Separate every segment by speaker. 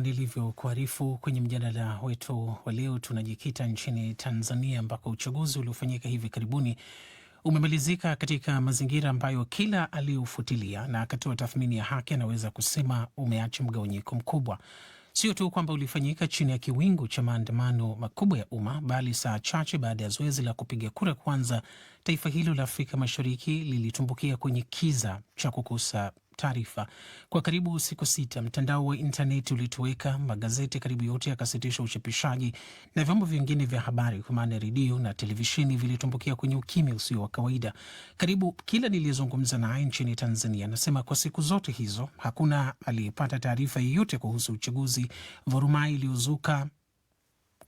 Speaker 1: Nilivyokuarifu kwenye mjadala wetu wa leo, tunajikita nchini Tanzania ambako uchaguzi uliofanyika hivi karibuni umemalizika katika mazingira ambayo kila aliyofutilia na akatoa tathmini ya haki anaweza kusema umeacha mgawanyiko mkubwa. Sio tu kwamba ulifanyika chini ya kiwingu cha maandamano makubwa ya umma, bali saa chache baada ya zoezi la kupiga kura kwanza, taifa hilo la Afrika Mashariki lilitumbukia kwenye kiza cha kukosa taarifa. Kwa karibu siku sita, mtandao wa intaneti ulitoweka, magazeti karibu yote yakasitisha uchapishaji na vyombo vingine vya habari kwa maana redio na televisheni vilitumbukia kwenye ukimya usio wa kawaida. Karibu kila niliyezungumza naye nchini Tanzania anasema kwa siku zote hizo hakuna aliyepata taarifa yoyote kuhusu uchaguzi, vurumai iliyozuka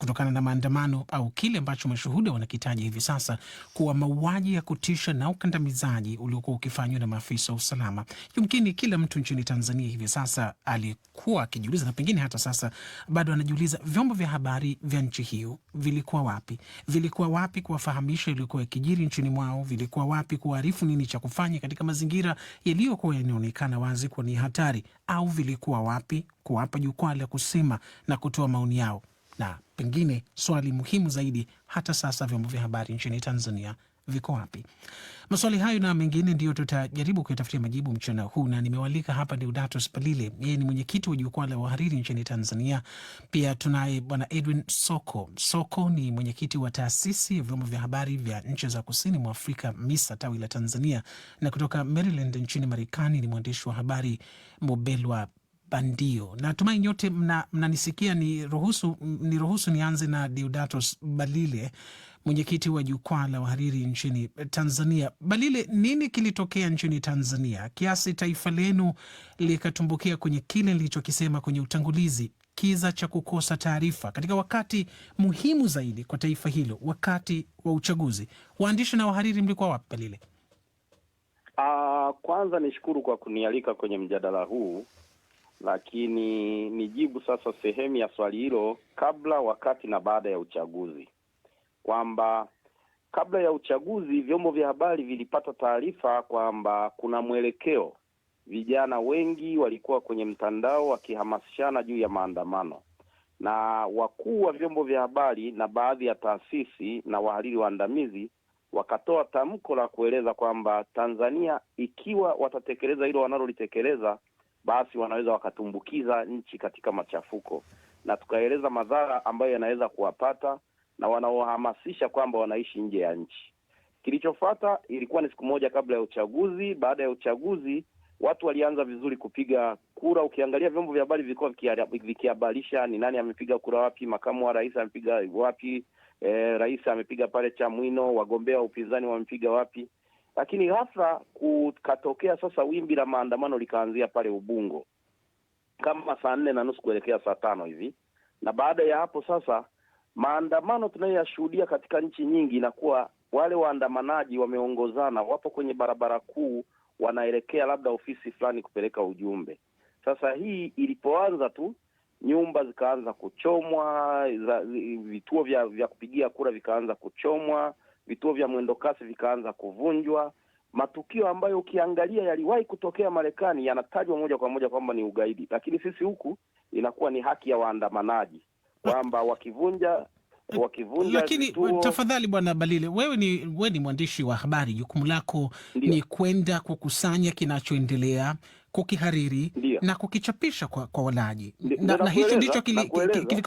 Speaker 1: kutokana na maandamano au kile ambacho mashuhuda wanakitaja hivi sasa kuwa mauaji ya kutisha na ukandamizaji uliokuwa ukifanywa na maafisa wa usalama. Yumkini kila mtu nchini Tanzania hivi sasa alikuwa akijiuliza na pengine hata sasa bado anajiuliza, vyombo vya habari vya nchi hiyo vilikuwa wapi? Vilikuwa wapi kuwafahamisha iliokuwa yakijiri nchini mwao? Vilikuwa wapi kuwaarifu nini cha kufanya katika mazingira yaliyokuwa yanaonekana wazi kuwa ni hatari? Au vilikuwa wapi kuwapa jukwaa la kusema na kutoa maoni yao? na pengine swali muhimu zaidi hata sasa, vyombo vya habari nchini Tanzania viko wapi? Maswali hayo na mengine ndiyo tutajaribu kuyatafutia majibu mchana huu, na nimewalika hapa Deodatus Balile, yeye ni mwenyekiti wa jukwaa la wahariri nchini Tanzania. Pia tunaye bwana Edwin Soko. Soko ni mwenyekiti wa taasisi ya vyombo vya habari vya nchi za kusini mwa Afrika, MISA tawi la Tanzania, na kutoka Maryland nchini Marekani ni mwandishi wa habari Mobelwa Bandio. Natumai nyote mnanisikia, mna niruhusu niruhusu nianze na Deodatus Balile, mwenyekiti wa jukwaa la wahariri nchini Tanzania. Balile, nini kilitokea nchini Tanzania kiasi taifa lenu likatumbukia kwenye kile nilichokisema kwenye utangulizi, kiza cha kukosa taarifa katika wakati muhimu zaidi kwa taifa hilo, wakati wa uchaguzi? Waandishi na wahariri mlikuwa wapi, Balile?
Speaker 2: Uh, kwanza nishukuru kwa kunialika kwenye mjadala huu lakini nijibu sasa sehemu ya swali hilo, kabla, wakati na baada ya uchaguzi, kwamba kabla ya uchaguzi vyombo vya habari vilipata taarifa kwamba kuna mwelekeo, vijana wengi walikuwa kwenye mtandao wakihamasishana juu ya maandamano, na wakuu wa vyombo vya habari na baadhi ya taasisi na wahariri waandamizi wakatoa tamko la kueleza kwamba Tanzania, ikiwa watatekeleza hilo wanalolitekeleza basi wanaweza wakatumbukiza nchi katika machafuko, na tukaeleza madhara ambayo yanaweza kuwapata na wanaohamasisha kwamba wanaishi nje ya nchi. kilichofata ilikuwa ni siku moja kabla ya uchaguzi. Baada ya uchaguzi, watu walianza vizuri kupiga kura. Ukiangalia vyombo vya habari vilikuwa vikihabarisha ni nani amepiga kura wapi, makamu wa rais amepiga wapi, e, rais amepiga pale Chamwino, wagombea wa upinzani wamepiga wapi lakini hasa kukatokea sasa wimbi la maandamano likaanzia pale Ubungo kama saa nne na nusu kuelekea saa tano hivi, na baada ya hapo sasa maandamano tunayoyashuhudia katika nchi nyingi inakuwa wale waandamanaji wameongozana, wapo kwenye barabara kuu, wanaelekea labda ofisi fulani kupeleka ujumbe. Sasa hii ilipoanza tu nyumba zikaanza kuchomwa za, vituo vya, vya kupigia kura vikaanza kuchomwa, vituo vya mwendokasi vikaanza kuvunjwa. Matukio ambayo ukiangalia yaliwahi kutokea Marekani yanatajwa moja kwa moja kwamba ni ugaidi, lakini sisi huku inakuwa ni haki ya waandamanaji kwamba wakivunja wakivunja lakini vituo...
Speaker 1: Tafadhali Bwana Balile, wewe ni, wewe ni mwandishi wa habari, jukumu lako ni kwenda kukusanya kinachoendelea kukihariri Ndiyo. na kukichapisha kwa, kwa walaji na, na hicho ndicho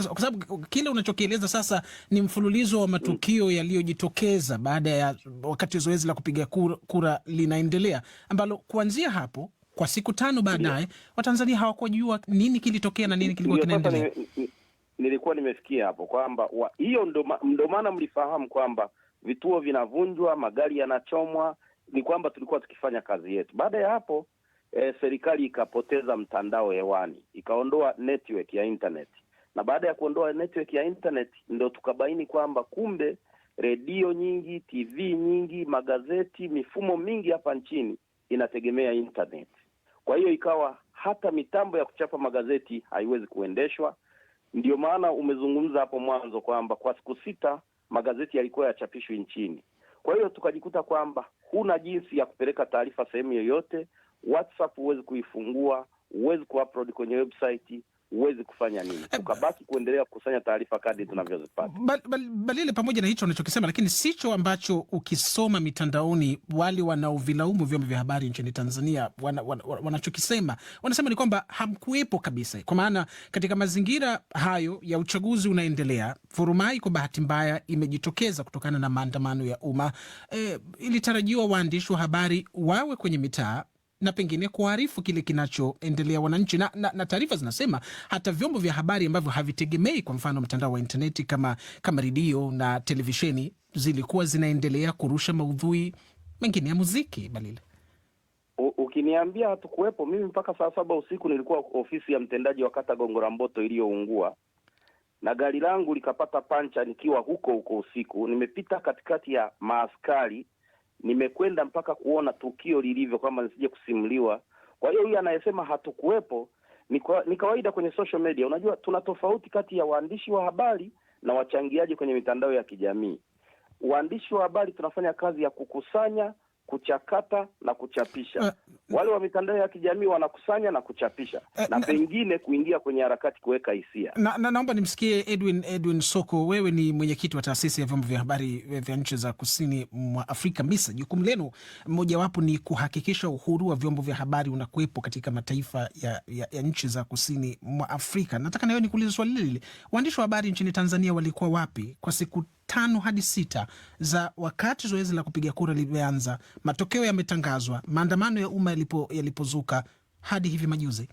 Speaker 1: kwa sababu kile unachokieleza sasa ni mfululizo wa matukio mm. yaliyojitokeza baada ya wakati zoezi la kupiga kura, kura linaendelea ambalo kuanzia hapo kwa siku tano baadaye Watanzania hawakujua nini kilitokea na nini kilikuwa kinaendelea
Speaker 2: nilikuwa nimefikia hapo kwamba hiyo ndo maana mlifahamu kwamba vituo vinavunjwa, magari yanachomwa, ni kwamba tulikuwa tukifanya kazi yetu. Baada ya hapo e, serikali ikapoteza mtandao hewani, ikaondoa network ya internet, na baada ya kuondoa network ya internet ndo tukabaini kwamba kumbe redio nyingi, TV nyingi, magazeti, mifumo mingi hapa nchini inategemea internet. Kwa hiyo ikawa hata mitambo ya kuchapa magazeti haiwezi kuendeshwa ndio maana umezungumza hapo mwanzo kwamba kwa siku sita magazeti yalikuwa yachapishwi nchini. Kwa hiyo tukajikuta kwamba huna jinsi ya kupeleka taarifa sehemu yoyote. WhatsApp huwezi kuifungua, huwezi kuupload kwenye website, huwezi kufanya nini, ukabaki eh, kuendelea kukusanya taarifa kadri tunavyozipata.
Speaker 1: Balile, pamoja na hicho unachokisema, lakini sicho ambacho ukisoma mitandaoni wale wanaovilaumu vyombo vya habari nchini Tanzania wanachokisema, wana, wana wanasema ni kwamba hamkuwepo kabisa, kwa maana katika mazingira hayo ya uchaguzi unaendelea, furumai kwa bahati mbaya imejitokeza kutokana na maandamano ya umma. E, ilitarajiwa waandishi wa habari wawe kwenye mitaa na pengine kuarifu kile kinachoendelea wananchi na, na, na taarifa zinasema hata vyombo vya habari ambavyo havitegemei kwa mfano mtandao wa intaneti kama, kama redio na televisheni zilikuwa zinaendelea kurusha maudhui mengine ya muziki Balile.
Speaker 2: Ukiniambia hatukuwepo mimi, mpaka saa saba usiku nilikuwa ofisi ya mtendaji wa kata Gongora Mboto iliyoungua na gari langu likapata pancha nikiwa huko huko usiku. Nimepita katikati ya maaskari nimekwenda mpaka kuona tukio lilivyo, kama nisije kusimuliwa. Kwa hiyo huyu anayesema hatukuwepo ni, ni kawaida kwenye social media. Unajua, tuna tofauti kati ya waandishi wa habari na wachangiaji kwenye mitandao ya kijamii. Waandishi wa habari tunafanya kazi ya kukusanya kuchakata na kuchapisha. Uh, wale wa mitandao ya kijamii wanakusanya na kuchapisha uh, na pengine kuingia kwenye harakati kuweka hisia
Speaker 1: na, na, naomba nimsikie Edwin, Edwin Soko, wewe ni mwenyekiti wa taasisi ya vyombo vya habari vya nchi za kusini mwa Afrika MISA. Jukumu lenu mojawapo ni kuhakikisha uhuru wa vyombo vya habari unakuwepo katika mataifa ya, ya, ya nchi za kusini mwa Afrika. Nataka nawe nikuulize swali lile, waandishi wa habari nchini Tanzania walikuwa wapi kwa siku tano hadi sita za wakati zoezi la kupiga kura limeanza, matokeo yametangazwa, maandamano ya umma yalipo yalipozuka hadi hivi majuzi?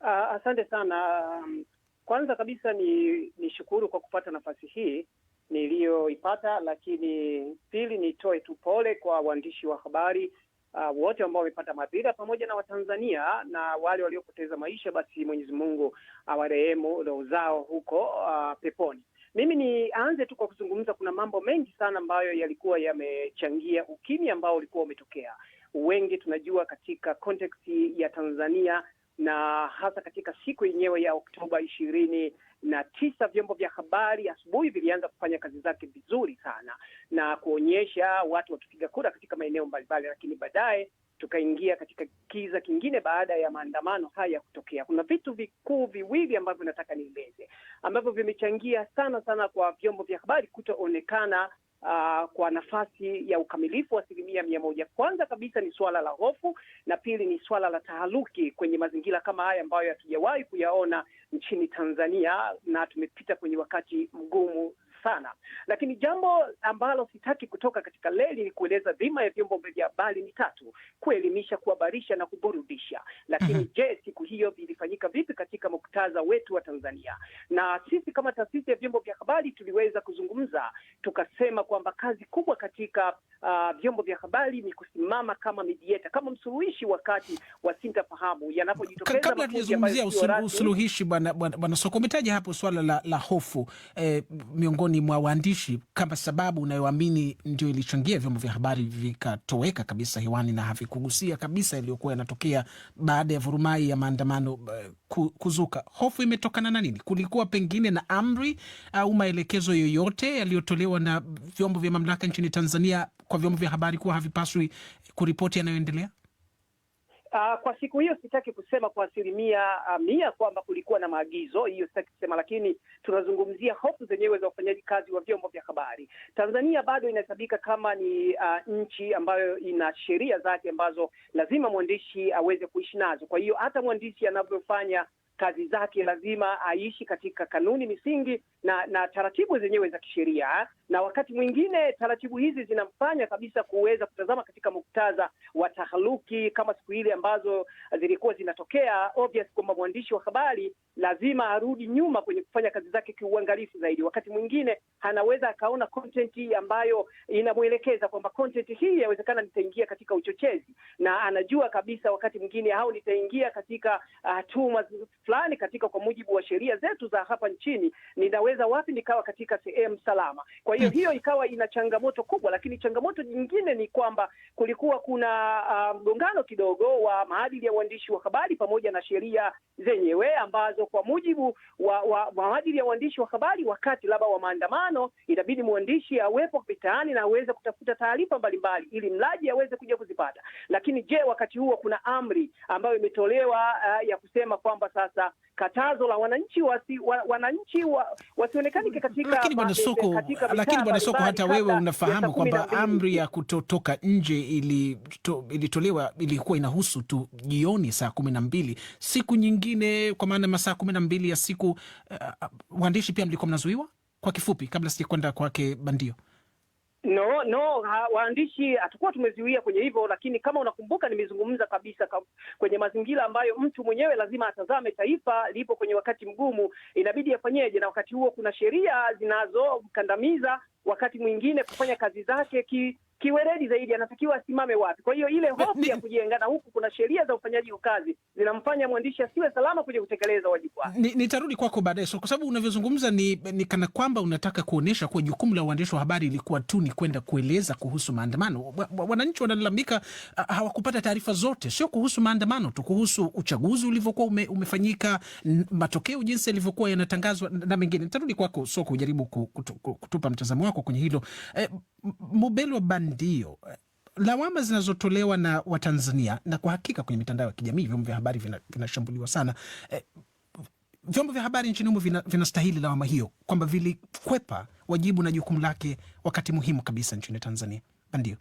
Speaker 3: Uh, asante sana. Um, kwanza kabisa ni nishukuru kwa kupata nafasi hii niliyoipata, lakini pili nitoe tu pole kwa waandishi wa habari uh, wote ambao wamepata madhira pamoja na Watanzania na wale waliopoteza maisha. Basi Mwenyezi Mungu awarehemu roho zao huko uh, peponi. Mimi nianze tu kwa kuzungumza, kuna mambo mengi sana ambayo yalikuwa yamechangia ukimya ambao ulikuwa umetokea. Wengi tunajua katika context ya Tanzania na hasa katika siku yenyewe ya Oktoba ishirini na tisa, vyombo vya habari asubuhi vilianza kufanya kazi zake vizuri sana na kuonyesha watu wakipiga kura katika maeneo mbalimbali, lakini baadaye tukaingia katika kiza kingine baada ya maandamano haya kutokea. Kuna vitu vikuu viwili ambavyo nataka nieleze, ambavyo vimechangia sana sana kwa vyombo vya habari kutoonekana Uh, kwa nafasi ya ukamilifu wa asilimia mia moja. Kwanza kabisa ni suala la hofu na pili ni suala la taharuki kwenye mazingira kama haya ambayo hatujawahi kuyaona nchini Tanzania, na tumepita kwenye wakati mgumu sana, lakini jambo ambalo sitaki kutoka katika leli ni kueleza dhima ya vyombo vya habari ni tatu: kuelimisha, kuhabarisha na kuburudisha. Lakini mm -hmm. Je, siku hiyo vilifanyika vipi katika muktadha wetu wa Tanzania? Na sisi kama taasisi ya vyombo vya habari tuliweza kuzungumza tukasema kwamba kazi kubwa katika uh, vyombo vya habari ni kusimama kama mediator, kama msuluhishi wakati wa sintafahamu yanapojitokeza. Kabla tujazungumzia
Speaker 1: usuluhishi, bwana Soko, umetaja hapo swala la, la hofu eh, miongoni miongoni mwa waandishi kama sababu unayoamini ndio ilichangia vyombo vya habari vikatoweka kabisa hewani na havikugusia kabisa yaliyokuwa yanatokea baada ya vurumai ya maandamano eh, kuzuka? Hofu imetokana na nini? Kulikuwa pengine na amri au maelekezo yoyote yaliyotolewa na vyombo vya mamlaka nchini Tanzania kwa vyombo vya habari kuwa havipaswi kuripoti yanayoendelea?
Speaker 3: Uh, kwa siku hiyo sitaki kusema kwa asilimia uh, mia kwamba kulikuwa na maagizo, hiyo sitaki kusema, lakini tunazungumzia hofu zenyewe za ufanyaji kazi wa vyombo vya habari. Tanzania bado inahesabika kama ni uh, nchi ambayo ina sheria zake ambazo lazima mwandishi aweze kuishi nazo. Kwa hiyo hata mwandishi anavyofanya kazi zake lazima aishi katika kanuni misingi na na taratibu zenyewe za kisheria, na wakati mwingine taratibu hizi zinamfanya kabisa kuweza kutazama katika muktadha wa tahaluki kama siku ile ambazo zilikuwa zinatokea, obvious kwamba mwandishi wa habari lazima arudi nyuma kwenye kufanya kazi zake kiuangalifu zaidi. Wakati mwingine anaweza akaona content ambayo inamwelekeza kwamba content hii yawezekana nitaingia katika uchochezi, na anajua kabisa wakati mwingine au nitaingia katika uh, ah, tuma fulani katika kwa mujibu wa sheria zetu za hapa nchini, ninaweza wapi nikawa katika sehemu salama. Kwa hiyo hmm. hiyo ikawa ina changamoto kubwa, lakini changamoto nyingine ni kwamba kulikuwa kuna ah, mgongano uh, kidogo wa maadili ya uandishi wa habari pamoja na sheria zenyewe ambazo kwa mujibu wa, wa, wa maadili ya uandishi wa habari, wakati labda wa maandamano, inabidi mwandishi awepo mitaani na aweze kutafuta taarifa mbalimbali ili mlaji aweze kuja kuzipata. Lakini je, wakati huo kuna amri ambayo imetolewa uh, ya kusema kwamba sasa sasa katazo la wananchi wasi, wa, wananchi wa, wasionekane katika
Speaker 1: lakini bwana Soko, lakini bwana Soko, hata wewe unafahamu kwamba amri ya kutotoka nje to, ilitolewa ilikuwa inahusu tu jioni saa kumi na mbili siku nyingine, kwa maana masaa kumi na mbili ya siku uh, waandishi pia mlikuwa mnazuiwa. Kwa kifupi, kabla sijakwenda kwake Bandio.
Speaker 3: No, no ha, waandishi hatukuwa tumeziwia kwenye hivyo, lakini kama unakumbuka, nimezungumza kabisa ka, kwenye mazingira ambayo mtu mwenyewe lazima atazame taifa lipo kwenye wakati mgumu, inabidi afanyeje, na wakati huo kuna sheria zinazomkandamiza wakati mwingine kufanya kazi zake ki, kiweredi zaidi, anatakiwa asimame wapi. Kwa hiyo ile hofu ya na huku, kuna sheria za ufanyaji wa kazi zinamfanya mwandishi asiwe salama kuja kutekeleza wajibu wake.
Speaker 1: Nitarudi kwako baadaye, so kwa sababu unavyozungumza ni, ni kana kwamba unataka kuonyesha kuwa jukumu la uandishi wa habari ilikuwa tu ni kwenda kueleza kuhusu maandamano. Wananchi wanalalamika hawakupata taarifa zote, sio kuhusu maandamano tu, kuhusu uchaguzi ulivyokuwa ume, umefanyika, matokeo jinsi yalivyokuwa yanatangazwa na mengine. Nitarudi kwako so kujaribu kutupa mtazamo wako yako kwenye hilo e, eh, Mubelwa wa Bandio, eh, lawama zinazotolewa na Watanzania na kwa hakika kwenye mitandao ya kijamii vyombo vya habari vinashambuliwa vina sana e, vyombo vya habari nchini humo vinastahili vina lawama hiyo kwamba vilikwepa wajibu na jukumu lake wakati muhimu kabisa nchini Tanzania. Bandio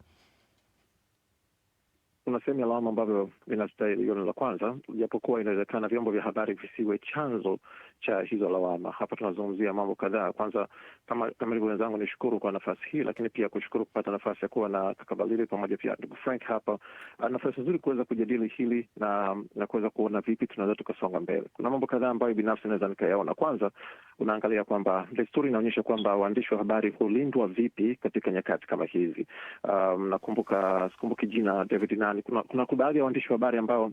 Speaker 4: kuna sehemu ya lawama ambavyo vinastahili. Hiyo ni la kwanza, japokuwa inawezekana vyombo vya habari visiwe chanzo cha hizo lawama. Hapa tunazungumzia mambo kadhaa. Kwanza, kama kama ilivyo wenzangu, nishukuru kwa nafasi hii, lakini pia kushukuru kupata nafasi ya kuwa na kakabalili pamoja pia ndugu Frank hapa, ah, nafasi nzuri kuweza kujadili hili na na kuweza kuona vipi tunaweza tukasonga mbele. Kuna mambo kadhaa ambayo binafsi naweza nikayaona. Kwanza unaangalia kwamba desturi inaonyesha kwamba waandishi wa habari hulindwa vipi katika nyakati kama hizi. Um, ah, nakumbuka sikumbuki jina David nani kuna, kuna baadhi ya waandishi wa habari ambao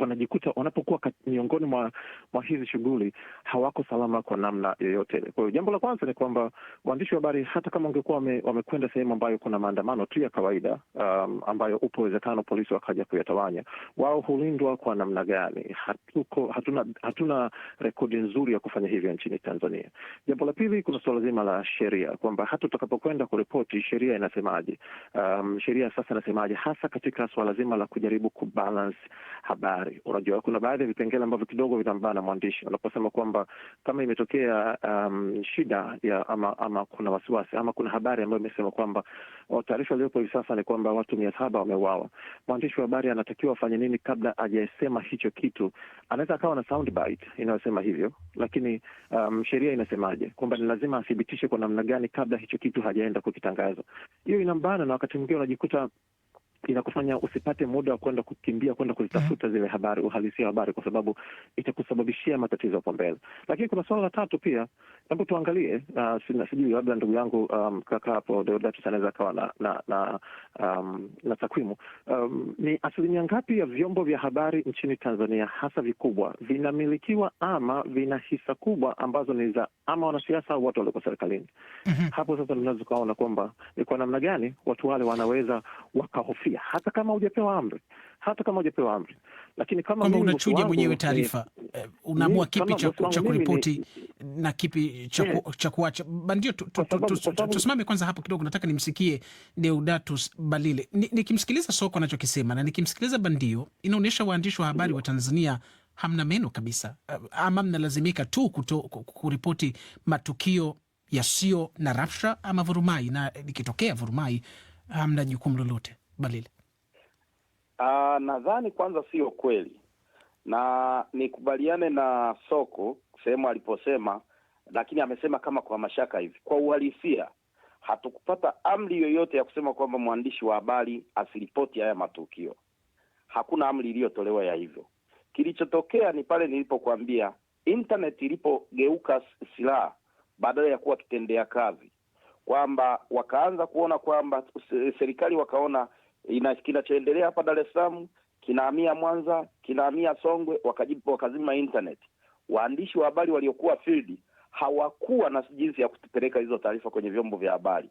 Speaker 4: wanajikuta wanapokuwa miongoni mwa, mwa hizi shughuli hawako salama kwa namna yoyote. Kwa hiyo jambo la kwanza ni kwamba waandishi wa habari hata kama wangekuwa wamekwenda wame sehemu ambayo kuna maandamano tu ya kawaida um, ambayo upo uwezekano polisi wakaja kuyatawanya, wao hulindwa kwa namna gani? Hatuko, hatuna, hatuna rekodi nzuri ya kufanya hivyo nchini Tanzania. Jambo la pili, kuna suala zima la sheria kwamba hata utakapokwenda kuripoti sheria inasemaje? Um, sheria sasa inasemaje hasa katika suala zima la kujaribu kubalance habari habari. Unajua, kuna baadhi ya vipengele ambavyo kidogo vinambana mwandishi unaposema kwamba kama imetokea um, shida ya ama, ama kuna wasiwasi ama kuna habari ambayo imesema kwamba oh, taarifa iliyopo hivi sasa ni kwamba watu mia saba wameuawa, mwandishi wa habari anatakiwa afanye nini kabla ajasema hicho kitu? Anaweza akawa na soundbite inayosema hivyo, lakini um, sheria inasemaje kwamba ni lazima athibitishe kwa namna gani kabla hicho kitu hajaenda kukitangaza. Hiyo inambana, na wakati mwingine unajikuta inakufanya usipate muda wa kwenda kukimbia kwenda kuzitafuta mm-hmm. zile habari, uhalisia wa habari, kwa sababu itakusababishia matatizo hapo mbele. Lakini kuna suala la tatu pia, hebu tuangalie. Uh, sijui labda ndugu yangu um, kaka hapo Deodatus anaweza akawa na na na, um, na takwimu um, ni asilimia ngapi ya vyombo vya habari nchini Tanzania hasa vikubwa vinamilikiwa ama vina hisa kubwa ambazo ni za ama wanasiasa au watu walioko serikalini? mm -hmm. Hapo sasa tunaweza tukaona kwamba ni kwa namna gani watu wale wanaweza wakahofia kofia, hata kama hujapewa amri, hata kama hujapewa amri.
Speaker 1: Lakini kama kwamba unachuja mwenyewe taarifa, eh, unaamua kipi cha kuripoti na kipi cha eh. kuacha. Bandio, tusimame kwanza hapo kidogo, nataka nimsikie Deodatus Balile. Nikimsikiliza Soko anachokisema na nikimsikiliza Bandio, inaonyesha waandishi wa habari wa Tanzania hamna meno kabisa, eh, ama mnalazimika tu kuripoti matukio yasiyo na rafsha ama vurumai, na ikitokea vurumai hamna jukumu lolote. Balile?
Speaker 2: Uh, nadhani kwanza sio kweli, na nikubaliane na soko sehemu aliposema, lakini amesema kama kwa mashaka hivi. Kwa uhalisia hatukupata amri yoyote ya kusema kwamba mwandishi wa habari asiripoti haya matukio. Hakuna amri iliyotolewa ya hivyo. Kilichotokea ni pale nilipokuambia internet ilipogeuka silaha badala ya kuwa kitendea kazi, kwamba wakaanza kuona kwamba serikali wakaona kinachoendelea hapa Dar es Salaam kinahamia Mwanza, kinahamia Songwe, wakazima internet. Waandishi wa habari waliokuwa field hawakuwa na jinsi ya kupeleka hizo taarifa kwenye vyombo vya habari.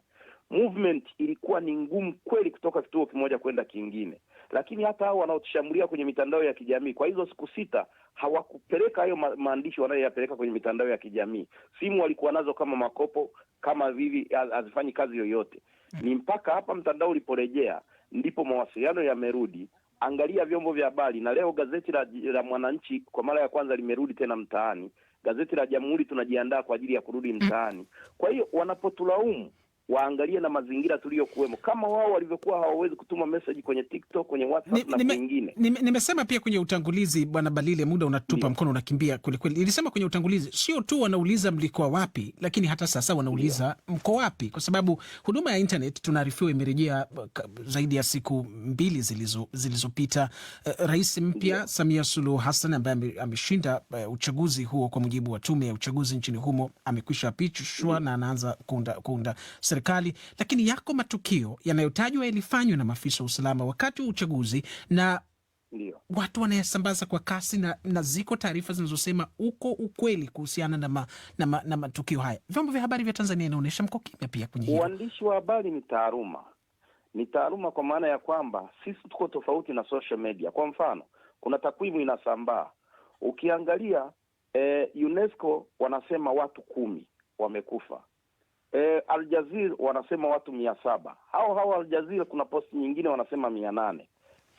Speaker 2: Movement ilikuwa ni ngumu kweli, kutoka kituo kimoja kwenda kingine. Lakini hata hao wanaotushambulia kwenye mitandao ya kijamii kwa hizo siku sita hawakupeleka hayo maandishi wanayoyapeleka kwenye mitandao ya kijamii. Simu walikuwa nazo kama makopo, kama vivi, hazifanyi kazi yoyote. Ni mpaka hapa mtandao uliporejea ndipo mawasiliano yamerudi. Angalia vyombo vya habari, na leo gazeti la, la Mwananchi kwa mara ya kwanza limerudi tena mtaani. Gazeti la Jamhuri tunajiandaa kwa ajili ya kurudi mtaani. Kwa hiyo wanapotulaumu waangalie na mazingira tuliyokuwemo, kama wao walivyokuwa hawawezi kutuma message kwenye TikTok, kwenye WhatsApp ni, na mengine.
Speaker 1: Nimesema pia kwenye utangulizi, Bwana Balile, muda unatupa yeah, mkono unakimbia kwelikweli. Nilisema kwenye utangulizi, sio tu wanauliza mlikuwa wapi, lakini hata sasa wanauliza yeah, mko wapi, kwa sababu huduma ya internet tunaarifiwa imerejea uh, zaidi ya siku mbili zilizopita. Uh, rais mpya yeah, Samia Suluhu Hassan ambaye ameshinda uh, uchaguzi huo kwa mujibu wa tume ya uchaguzi nchini humo amekwisha apishwa na anaanza kuunda, kuunda serikali, lakini yako matukio yanayotajwa yalifanywa na maafisa wa usalama wakati wa uchaguzi na Ndiyo. Watu wanayasambaza kwa kasi na, na ziko taarifa zinazosema uko ukweli kuhusiana na, ma, na, ma, na matukio haya. Vyombo vya habari vya Tanzania inaonyesha mko kimya pia kwenye
Speaker 2: Uandishi wa habari ni taaluma, ni taaluma kwa maana ya kwamba sisi tuko tofauti na social media. Kwa mfano, kuna takwimu inasambaa, ukiangalia eh, UNESCO wanasema watu kumi wamekufa, e, Aljazir wanasema watu mia saba hao hao Aljazir, kuna posti nyingine wanasema mia nane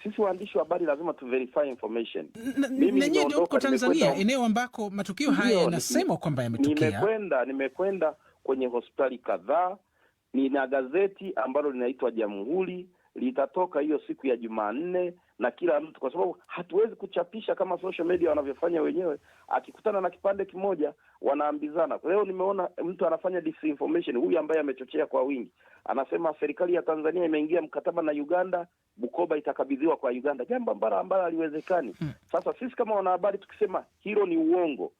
Speaker 2: sisi waandishi wa habari lazima tu verify information.
Speaker 1: Nenyewe ndio huko Tanzania, eneo ambako matukio haya yanasemwa kwamba yametokea.
Speaker 2: Nimekwenda nimekwenda kwenye hospitali kadhaa, nina gazeti ambalo linaitwa Jamhuri, litatoka hiyo siku ya Jumanne na kila mtu, kwa sababu hatuwezi kuchapisha kama social media wanavyofanya wenyewe. Akikutana na kipande kimoja, wanaambizana. Leo nimeona mtu anafanya disinformation, huyu ambaye amechochea kwa wingi, anasema serikali ya Tanzania imeingia mkataba na Uganda, Bukoba itakabidhiwa kwa Uganda, jambo ambalo ambalo haliwezekani. Hmm. Sasa sisi kama wanahabari tukisema hilo ni uongo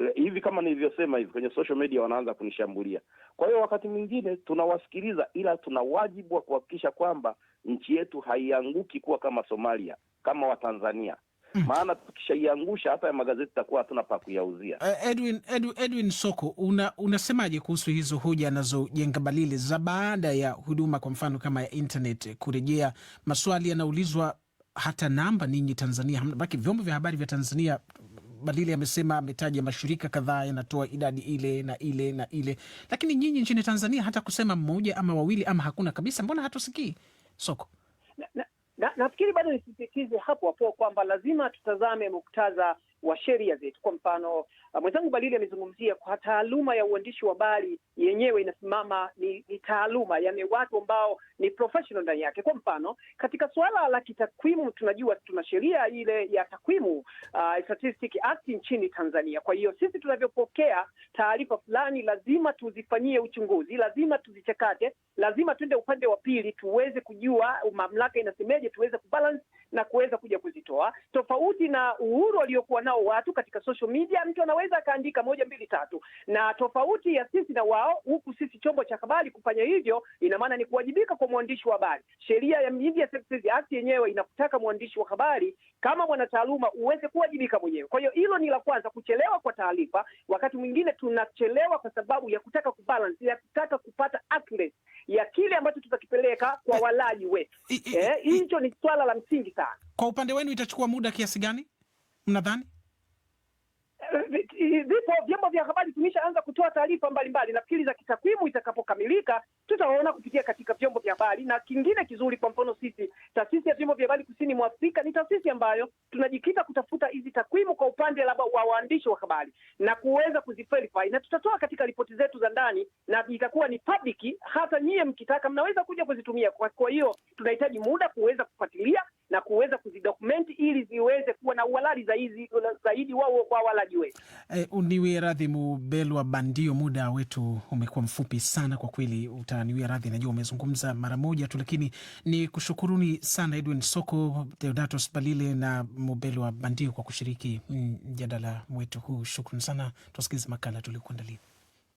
Speaker 2: eh, hivi kama nilivyosema hivi kwenye social media wanaanza kunishambulia. Kwa hiyo wakati mwingine tunawasikiliza, ila tuna wajibu wa kuhakikisha kwamba nchi yetu haianguki kuwa kama Somalia, kama Watanzania mm. Maana tukishaiangusha hata ya magazeti takuwa hatuna pa kuyauzia.
Speaker 1: Uh, Edwin, Edwin, Edwin Soko, una, unasemaje kuhusu hizo hoja anazojenga balili za baada ya huduma kwa mfano kama ya internet kurejea? Maswali yanaulizwa hata namba ninyi Tanzania baki vyombo vya habari vya Tanzania balili amesema ametaja mashirika kadhaa yanatoa idadi ile na ile na ile, lakini nyinyi nchini Tanzania hata kusema mmoja ama wawili ama hakuna kabisa, mbona hatusikii? soko?
Speaker 3: Nafikiri na, na bado nisisitize hapo hapo kwamba lazima tutazame muktadha wa sheria zetu. Kwa mfano, uh, mwenzangu Balili amezungumzia kwa taaluma ya uandishi wa habari yenyewe inasimama ni, ni taaluma, yani watu ambao ni professional ndani yake. Kwa mfano, katika suala la kitakwimu tunajua tuna sheria ile ya takwimu uh, Statistics Act nchini Tanzania. Kwa hiyo sisi tunavyopokea taarifa fulani, lazima tuzifanyie uchunguzi, lazima tuzichakate, lazima tuende upande wa pili tuweze kujua mamlaka inasemeje, tuweze kubalance na kuweza kuja kuzitoa, tofauti na uhuru aliokuwa nao nao watu katika social media, mtu anaweza akaandika moja mbili tatu, na tofauti ya sisi na wao, huku sisi chombo cha habari kufanya hivyo ina maana ni kuwajibika kwa mwandishi wa habari. Sheria ya Media Services Act yenyewe inakutaka mwandishi wa habari kama mwanataaluma uweze kuwajibika mwenyewe. Kwa hiyo hilo ni la kwanza, kuchelewa kwa taarifa. Wakati mwingine tunachelewa kwa sababu ya kutaka kubalance, ya kutaka kupata accuracy ya kile ambacho tutakipeleka kwa walaji wetu. Eh, hicho eh, ni swala la msingi sana.
Speaker 1: Kwa upande wenu itachukua muda kiasi gani mnadhani?
Speaker 3: vipo eh, eh, vyombo vya habari tumeshaanza kutoa taarifa mbalimbali. Nafikiri za kitakwimu itakapokamilika, tutaona kupitia katika vyombo vya habari. Na kingine kizuri, kwa mfano sisi taasisi ya vyombo vya habari kusini mwa Afrika ni taasisi ambayo tunajikita kutafuta hizi takwimu kwa upande labda wa waandishi wa habari na kuweza kuziverify, na tutatoa katika ripoti zetu za ndani, na itakuwa ni public, hata nyie mkitaka mnaweza kuja kuzitumia. Kwa hiyo tunahitaji muda kuweza kufuatilia na kuweza kuzidocument ili ziweze kuwa na uhalali zaidi, zaidi wao kwa walaji wetu.
Speaker 1: Eh, uniwe radhi Mubelwa Bandio, muda wetu umekuwa mfupi sana kwa kweli, utaniwe radhi, najua umezungumza mara moja tu, lakini ni kushukuruni sana Edwin Soko, Deodatus Balile na Mubelwa Bandio kwa kushiriki mjadala wetu huu. Shukrani sana, tusikilize makala tuliokuandalia.